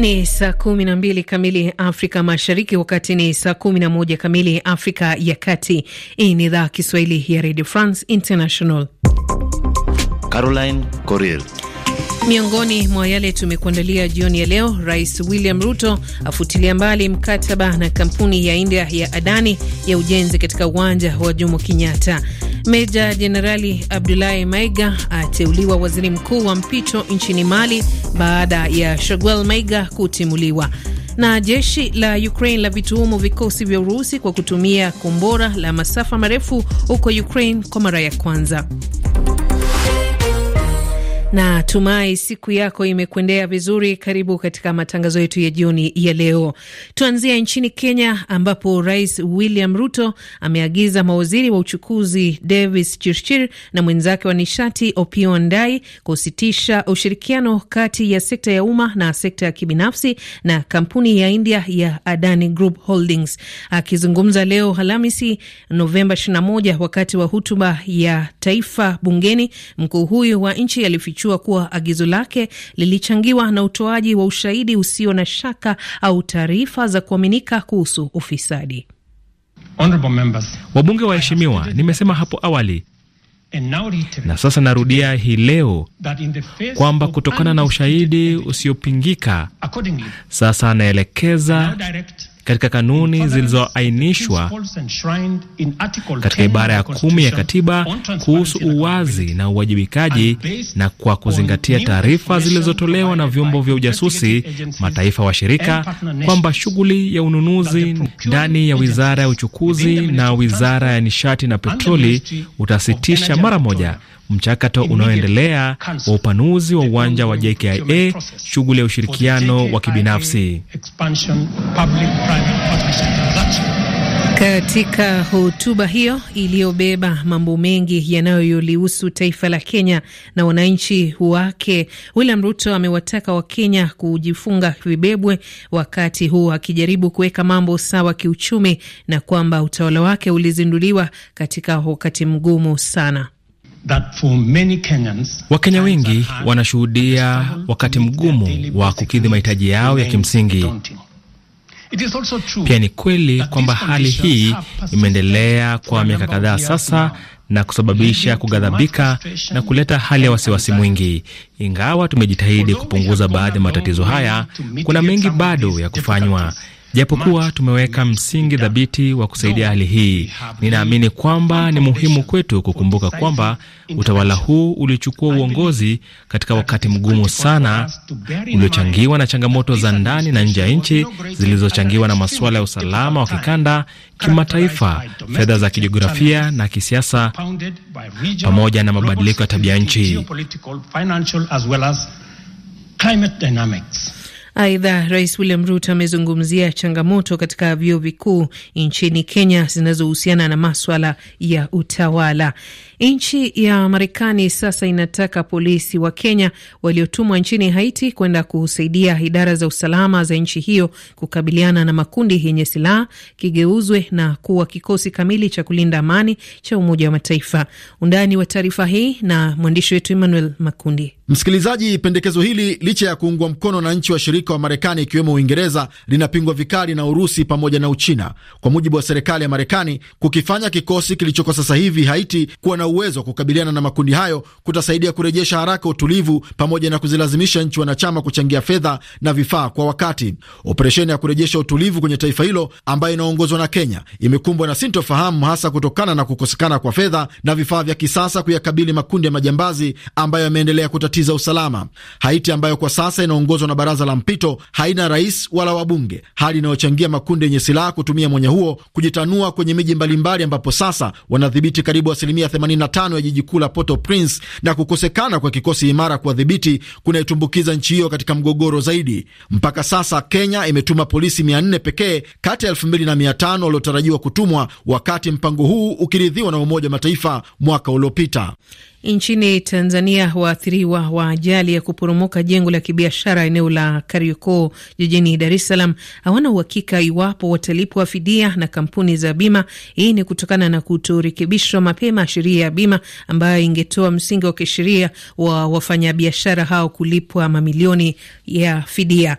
Ni saa kumi na mbili kamili Afrika Mashariki, wakati ni saa kumi na moja kamili Afrika ya Kati. Hii ni idhaa Kiswahili ya Radio France International. Caroline Corel Miongoni mwa yale tumekuandalia jioni ya leo: Rais William Ruto afutilia mbali mkataba na kampuni ya India ya Adani ya ujenzi katika uwanja wa Jomo Kenyatta. Meja Jenerali Abdulahi Maiga ateuliwa waziri mkuu wa mpito nchini Mali baada ya Shoguel Maiga kutimuliwa na jeshi la Ukraine la vituhumu vikosi vya Urusi kwa kutumia kombora la masafa marefu huko Ukraine kwa mara ya kwanza. Na tumai siku yako imekuendea vizuri. Karibu katika matangazo yetu ya jioni ya leo. Tuanzie nchini Kenya ambapo Rais William Ruto ameagiza mawaziri wa uchukuzi Davis Chirchir na mwenzake wa nishati Opio Ndai kusitisha ushirikiano kati ya sekta ya umma na sekta ya kibinafsi na kampuni ya India ya Adani Group Holdings. Akizungumza leo Alhamisi Novemba 21 wakati wa hutuba ya taifa bungeni, mkuu huyu wa nchi alifichua limefichua kuwa agizo lake lilichangiwa na utoaji wa ushahidi usio na shaka au taarifa za kuaminika kuhusu ufisadi. Wabunge waheshimiwa, nimesema hapo awali na sasa narudia hii leo kwamba kutokana na ushahidi usiopingika, sasa anaelekeza katika kanuni zilizoainishwa katika ibara ya kumi ya katiba kuhusu uwazi na uwajibikaji, na kwa kuzingatia taarifa zilizotolewa na vyombo vya ujasusi mataifa washirika kwamba shughuli ya ununuzi ndani ya wizara ya uchukuzi na wizara ya nishati na petroli utasitisha mara moja mchakato unaoendelea wa upanuzi wa uwanja wa JKIA, shughuli ya ushirikiano wa kibinafsi. Katika hotuba hiyo iliyobeba mambo mengi yanayolihusu taifa la Kenya na wananchi wake, William Ruto amewataka Wakenya kujifunga vibebwe, wakati huu akijaribu kuweka mambo sawa kiuchumi, na kwamba utawala wake ulizinduliwa katika wakati mgumu sana. Wakenya wengi wanashuhudia wakati mgumu wa kukidhi mahitaji yao ya kimsingi. Pia ni kweli kwamba hali hii imeendelea kwa miaka kadhaa sasa na kusababisha kughadhabika na kuleta hali ya wasiwasi mwingi. Ingawa tumejitahidi kupunguza baadhi ya matatizo haya, kuna mengi bado ya kufanywa. Japokuwa tumeweka msingi thabiti wa kusaidia hali hii, ninaamini kwamba ni muhimu kwetu kukumbuka kwamba utawala huu ulichukua uongozi katika wakati mgumu sana uliochangiwa na changamoto za ndani na nje ya nchi zilizochangiwa na masuala ya usalama wa kikanda, kimataifa, fedha za kijiografia na kisiasa, pamoja na mabadiliko ya tabia nchi. Aidha, Rais William Ruto amezungumzia changamoto katika vyuo vikuu nchini Kenya zinazohusiana na maswala ya utawala. Nchi ya Marekani sasa inataka polisi wa Kenya waliotumwa nchini Haiti kwenda kusaidia idara za usalama za nchi hiyo kukabiliana na makundi yenye silaha kigeuzwe na kuwa kikosi kamili cha kulinda amani cha Umoja wa Mataifa. Undani wa taarifa hii na mwandishi wetu Emmanuel Makundi. Msikilizaji, pendekezo hili licha ya kuungwa mkono na nchi washirika wa Marekani ikiwemo Uingereza linapingwa vikali na Urusi pamoja na Uchina. Kwa mujibu wa serikali ya Marekani, kukifanya kikosi kilichoko sasa hivi Haiti kuwa na uwezo wa kukabiliana na makundi hayo kutasaidia kurejesha haraka utulivu pamoja na kuzilazimisha nchi wanachama kuchangia fedha na vifaa kwa wakati. Operesheni ya kurejesha utulivu kwenye taifa hilo ambayo inaongozwa na Kenya imekumbwa na sintofahamu, hasa kutokana na kukosekana kwa fedha na vifaa vya kisasa kuyakabili makundi ya majambazi ambayo yameendelea kutatiza usalama. Haiti ambayo kwa sasa inaongozwa na baraza la mpito haina rais wala wabunge, hali inayochangia makundi yenye silaha kutumia mwenye huo kujitanua kwenye miji mbalimbali, ambapo sasa wanadhibiti karibu asilimia 25 ya jiji kuu la Port-au-Prince na kukosekana kwa kikosi imara kuwadhibiti kunaitumbukiza nchi hiyo katika mgogoro zaidi. Mpaka sasa Kenya imetuma polisi 400 pekee kati ya 2500 waliotarajiwa kutumwa, wakati mpango huu ukiridhiwa na Umoja wa Mataifa mwaka uliopita. Nchini Tanzania, waathiriwa wa ajali ya kuporomoka jengo la kibiashara eneo la karioko jijini Dar es Salaam hawana uhakika iwapo watalipwa fidia na kampuni za bima. Hii ni kutokana na kutorekebishwa mapema sheria ya bima ambayo ingetoa msingi wa kisheria wa wafanyabiashara hao kulipwa mamilioni ya fidia.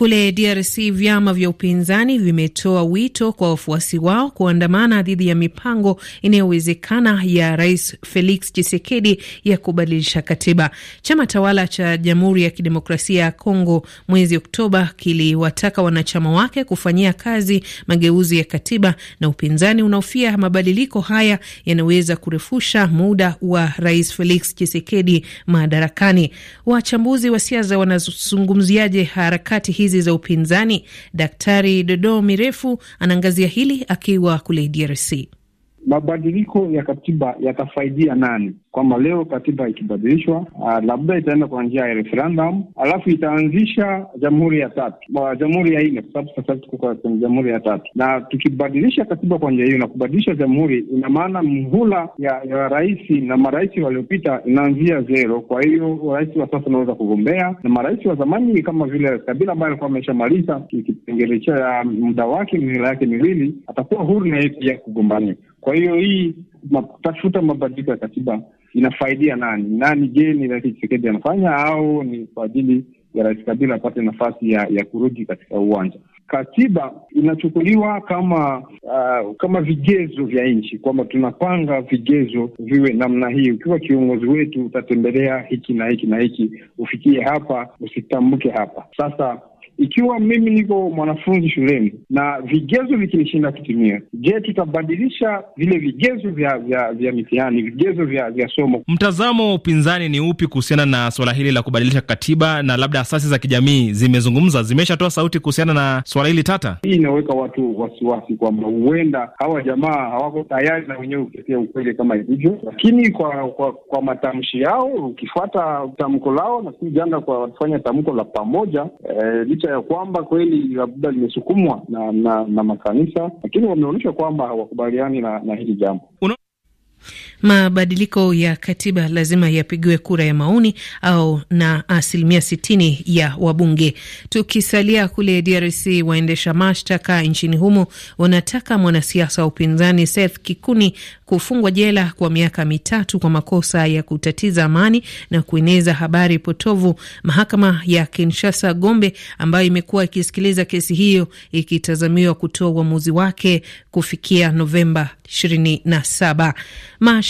Kule DRC vyama vya upinzani vimetoa wito kwa wafuasi wao kuandamana dhidi ya mipango inayowezekana ya Rais Felix Tshisekedi ya kubadilisha katiba. Chama tawala cha Jamhuri ya Kidemokrasia ya Kongo mwezi Oktoba kiliwataka wanachama wake kufanyia kazi mageuzi ya katiba, na upinzani unaofia mabadiliko haya yanaweza kurefusha muda wa Rais Felix Tshisekedi madarakani. Wachambuzi wa siasa wanazungumziaje harakati hizi hizi za upinzani. Daktari Dodo Mirefu anaangazia hili akiwa kule DRC. Mabadiliko ya katiba yatafaidia nani? kwamba leo katiba ikibadilishwa, ah, labda itaenda kwa njia ya referendum, alafu itaanzisha jamhuri ya tatu, jamhuri ya nne, kwa sababu sasa tuko kwenye jamhuri ya tatu. Na tukibadilisha katiba kwa njia hiyo na kubadilisha jamhuri, ina maana mhula ya, ya rais na marais waliopita inaanzia zero. Kwa hiyo rais wa sasa unaweza kugombea na marais wa zamani kama vile Kabila ambaye alikuwa ameshamaliza kipengele cha ah, muda wake mihula yake miwili, atakuwa huru na yeye pia kugombania. Kwa hiyo hii kutafuta mabadiliko ya katiba inafaidia nani nani? Je, ni Rais anafanya au ni kwa ajili ya Rais Kabila apate nafasi ya, ya kurudi katika uwanja? Katiba inachukuliwa kama uh, kama vigezo vya nchi, kwamba tunapanga vigezo viwe namna hii. Ukiwa kiongozi wetu utatembelea hiki na hiki na hiki, ufikie hapa, usitambuke hapa. Sasa ikiwa mimi niko mwanafunzi shuleni na vigezo vikinishinda kutumia, je, tutabadilisha vile vigezo vya vya, vya mitihani, vigezo vya vya somo? Mtazamo wa upinzani ni upi kuhusiana na suala hili la kubadilisha katiba, na labda asasi za kijamii zimezungumza, zimeshatoa sauti kuhusiana na suala hili tata? Hii inaweka watu wasiwasi kwamba huenda hawa jamaa hawako tayari na wenyewe kutetea ukweli kama ilivyo, lakini kwa kwa, kwa matamshi yao, ukifuata tamko lao, na janga kwa kufanya tamko la pamoja eh, licha licha ya kwamba kweli labda limesukumwa na na, na makanisa, lakini wameonyesha kwamba hawakubaliani na, na hili jambo. Mabadiliko ya katiba lazima yapigiwe kura ya maoni au na asilimia sitini ya wabunge. Tukisalia kule DRC, waendesha mashtaka nchini humo wanataka mwanasiasa wa upinzani Seth Kikuni kufungwa jela kwa miaka mitatu kwa makosa ya kutatiza amani na kueneza habari potovu. Mahakama ya Kinshasa Gombe, ambayo imekuwa ikisikiliza kesi hiyo, ikitazamiwa kutoa uamuzi wake kufikia Novemba 27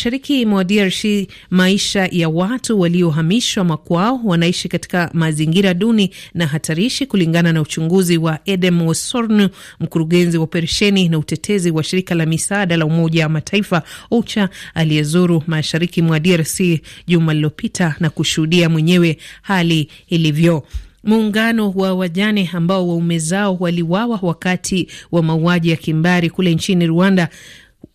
mashariki mwa DRC, maisha ya watu waliohamishwa makwao wanaishi katika mazingira duni na hatarishi, kulingana na uchunguzi wa Edem Wesornu, mkurugenzi wa operesheni na utetezi wa shirika la misaada la Umoja wa Mataifa OCHA aliyezuru mashariki mwa DRC juma lililopita na kushuhudia mwenyewe hali ilivyo. Muungano wa wajane ambao waume zao waliwawa wakati wa mauaji ya kimbari kule nchini Rwanda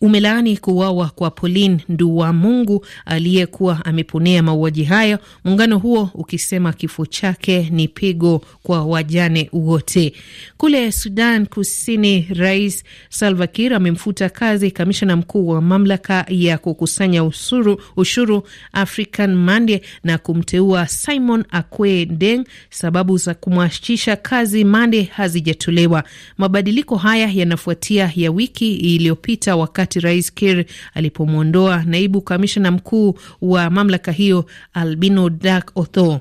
umelaani kuuawa kwa Pauline Mungu aliyekuwa ameponea mauaji hayo, muungano huo ukisema kifo chake ni pigo kwa wajane wote. Kule Sudan Kusini, Rais Salva Kiir amemfuta kazi kamishna mkuu wa mamlaka ya kukusanya ushuru, ushuru African Mande na kumteua Simon Akwe Deng. Sababu za kumwachisha kazi Mande hazijatolewa. Mabadiliko haya yanafuatia ya wiki iliyopita wakati Rais Kir alipomwondoa naibu kamishna mkuu wa mamlaka hiyo Albino Dak Otho.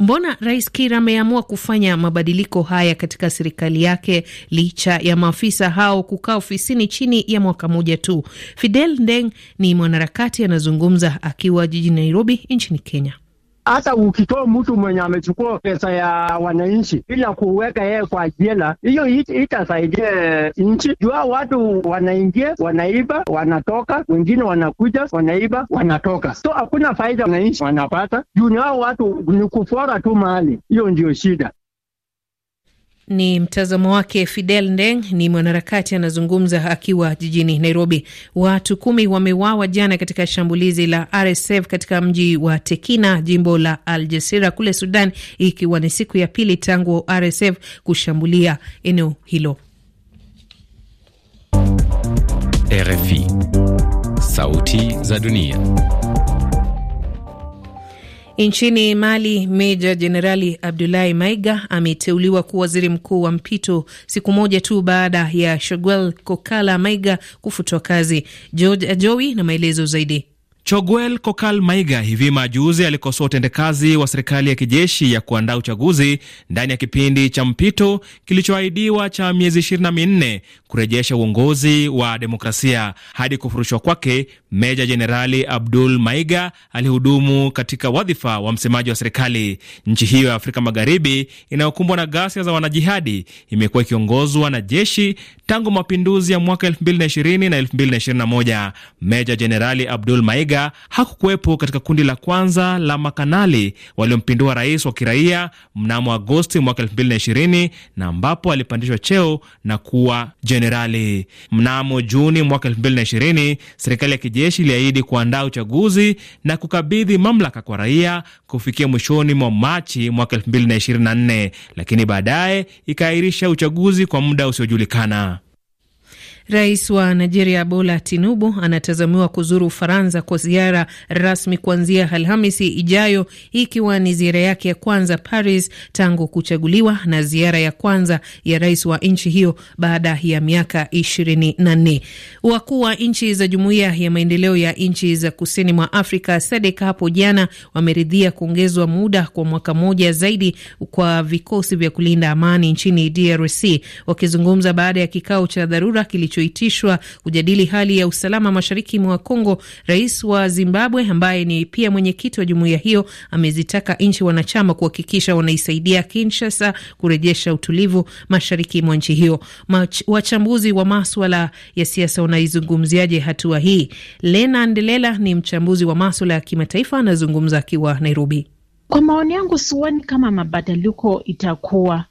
Mbona Rais Kir ameamua kufanya mabadiliko haya katika serikali yake licha ya maafisa hao kukaa ofisini chini ya mwaka mmoja tu? Fidel Ndeng ni mwanaharakati anazungumza akiwa jijini Nairobi nchini Kenya hata ukitoa mtu mwenye amechukua pesa ya wananchi bila kuweka yeye kwa jela, hiyo itasaidia nchi jua watu wanaingia wanaiba, wanatoka, wengine wanakuja wanaiba, wanatoka, so hakuna faida wananchi wanapata juu ni hao watu ni kufora tu mahali. Hiyo ndio shida. Ni mtazamo wake Fidel Ndeng, ni mwanaharakati anazungumza akiwa jijini Nairobi. Watu kumi wamewawa jana katika shambulizi la RSF katika mji wa Tekina, jimbo la Al Jasira kule Sudan, ikiwa ni siku ya pili tangu RSF kushambulia eneo hilo. RFI, Sauti za Dunia. Nchini Mali, meja jenerali Abdulahi Maiga ameteuliwa kuwa waziri mkuu wa mpito siku moja tu baada ya shoguel Kokala Maiga kufutwa kazi. George Ajowi na maelezo zaidi. Choguel Kokal Maiga hivi majuzi alikosoa utendekazi wa serikali ya kijeshi ya kuandaa uchaguzi ndani ya kipindi cha mpito kilichoahidiwa cha miezi ishirini na minne kurejesha uongozi wa demokrasia. Hadi kufurushwa kwake, Meja Jenerali Abdul Maiga alihudumu katika wadhifa wa msemaji wa serikali. Nchi hiyo ya Afrika Magharibi inayokumbwa na ghasia za wanajihadi imekuwa ikiongozwa na jeshi tangu mapinduzi ya mwaka 2020 na 2021. Meja Jenerali Abdul Maiga pia hakukuwepo katika kundi la kwanza la makanali waliompindua rais wa kiraia mnamo Agosti mwaka 2020 na ambapo alipandishwa cheo na kuwa jenerali. Mnamo Juni mwaka 2020 serikali ya kijeshi iliahidi kuandaa uchaguzi na kukabidhi mamlaka kwa raia kufikia mwishoni mwa Machi mwaka 2024, lakini baadaye ikaahirisha uchaguzi kwa muda usiojulikana. Rais wa Nigeria Bola Tinubu anatazamiwa kuzuru Ufaransa kwa ziara rasmi kuanzia Alhamisi ijayo, ikiwa ni ziara yake ya kwanza Paris tangu kuchaguliwa na ziara ya kwanza ya rais wa nchi hiyo baada ya miaka ishirini na nne. Wakuu wa nchi za Jumuiya ya Maendeleo ya Nchi za Kusini mwa Afrika SADC hapo jana wameridhia kuongezwa muda kwa mwaka mmoja zaidi kwa vikosi vya kulinda amani nchini DRC, wakizungumza baada ya kikao cha dharura kilicho kilichoitishwa kujadili hali ya usalama mashariki mwa Kongo, rais wa Zimbabwe ambaye ni pia mwenyekiti wa jumuiya hiyo amezitaka nchi wanachama kuhakikisha wanaisaidia Kinshasa kurejesha utulivu mashariki mwa nchi hiyo. Wachambuzi wa maswala ya siasa wanaizungumziaje hatua hii? Lena Ndelela ni mchambuzi wa maswala ya kimataifa, anazungumza akiwa Nairobi. Kwa maoni yangu, sioni kama mabadiliko itakuwa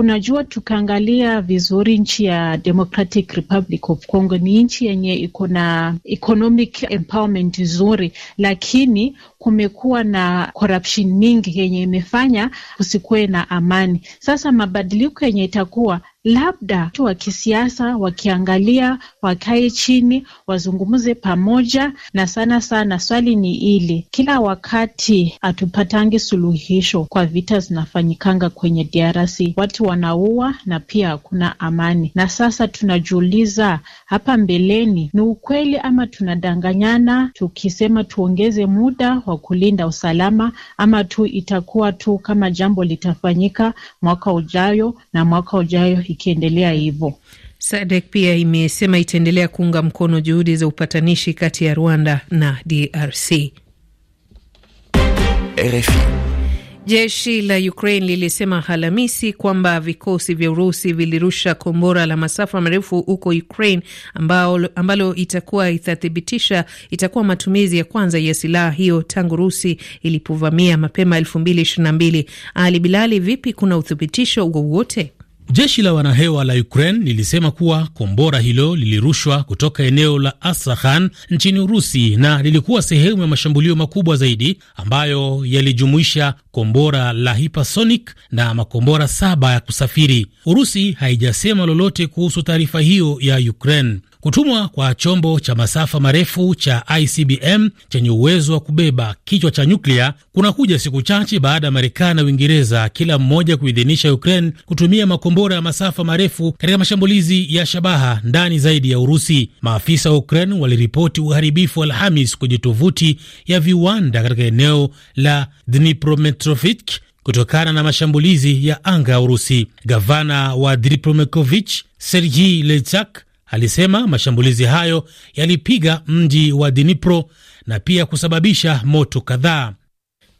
Unajua, tukaangalia vizuri nchi ya Democratic Republic of Congo ni nchi yenye iko na economic empowerment nzuri, lakini kumekuwa na corruption nyingi yenye imefanya kusikuwe na amani. Sasa mabadiliko yenye itakuwa labda watu wa kisiasa wakiangalia, wakae chini, wazungumze pamoja, na sana sana swali ni ili kila wakati hatupatangi suluhisho kwa vita zinafanyikanga kwenye DRC, watu wanaua na pia hakuna amani. Na sasa tunajiuliza hapa mbeleni, ni ukweli ama tunadanganyana tukisema tuongeze muda wa kulinda usalama, ama tu itakuwa tu kama jambo litafanyika mwaka ujayo na mwaka ujayo ikiendelea hivyo. Sadek pia imesema itaendelea kuunga mkono juhudi za upatanishi kati ya Rwanda na DRC. RFI. Jeshi la Ukraine lilisema Alhamisi kwamba vikosi vya Urusi vilirusha kombora la masafa marefu huko Ukraine ambao, ambalo itakuwa itathibitisha itakuwa matumizi ya kwanza ya silaha hiyo tangu Urusi ilipovamia mapema 2022. Ali Bilali, vipi, kuna uthibitisho wowote? Jeshi la wanahewa la Ukraine lilisema kuwa kombora hilo lilirushwa kutoka eneo la Astrakhan nchini Urusi na lilikuwa sehemu ya mashambulio makubwa zaidi ambayo yalijumuisha kombora la hypersonic na makombora saba ya kusafiri. Urusi haijasema lolote kuhusu taarifa hiyo ya Ukraine. Kutumwa kwa chombo cha masafa marefu cha ICBM chenye uwezo wa kubeba kichwa cha nyuklia kunakuja siku chache baada ya Marekani na Uingereza kila mmoja kuidhinisha Ukraine kutumia makombora ya masafa marefu katika mashambulizi ya shabaha ndani zaidi ya Urusi. Maafisa wa Ukraine waliripoti uharibifu Alhamis kwenye tovuti ya viwanda katika eneo la Dniprometrovsk kutokana na mashambulizi ya anga ya Urusi. Gavana wa Dniprometrovsk Sergei Lechak alisema mashambulizi hayo yalipiga mji wa Dnipro na pia kusababisha moto kadhaa.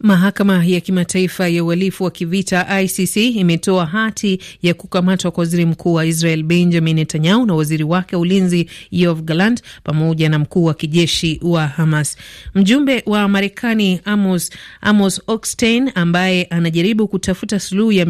Mahakama ya kimataifa ya uhalifu wa kivita ICC imetoa hati ya kukamatwa kwa waziri mkuu wa Israel Benjamin Netanyahu na waziri wake wa ulinzi Yoav Gallant pamoja na mkuu wa kijeshi wa Hamas. Mjumbe wa Marekani Amos, Amos Oxtein ambaye anajaribu kutafuta suluhu ya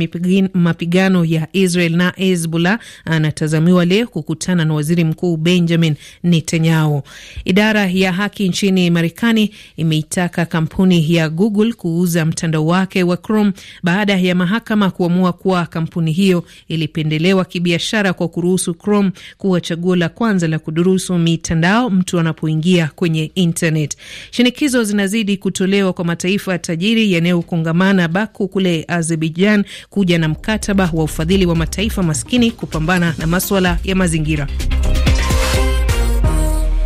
mapigano ya Israel na Hezbollah anatazamiwa leo kukutana na waziri mkuu Benjamin Netanyahu. Idara ya haki nchini Marekani imeitaka kampuni ya Google kuuza mtandao wake wa Chrome baada ya mahakama kuamua kuwa kampuni hiyo ilipendelewa kibiashara kwa kuruhusu Chrome kuwa chaguo la kwanza la kudurusu mitandao mtu anapoingia kwenye internet. Shinikizo zinazidi kutolewa kwa mataifa tajiri yanayokongamana Baku kule Azerbaijan kuja na mkataba wa ufadhili wa mataifa maskini kupambana na maswala ya mazingira.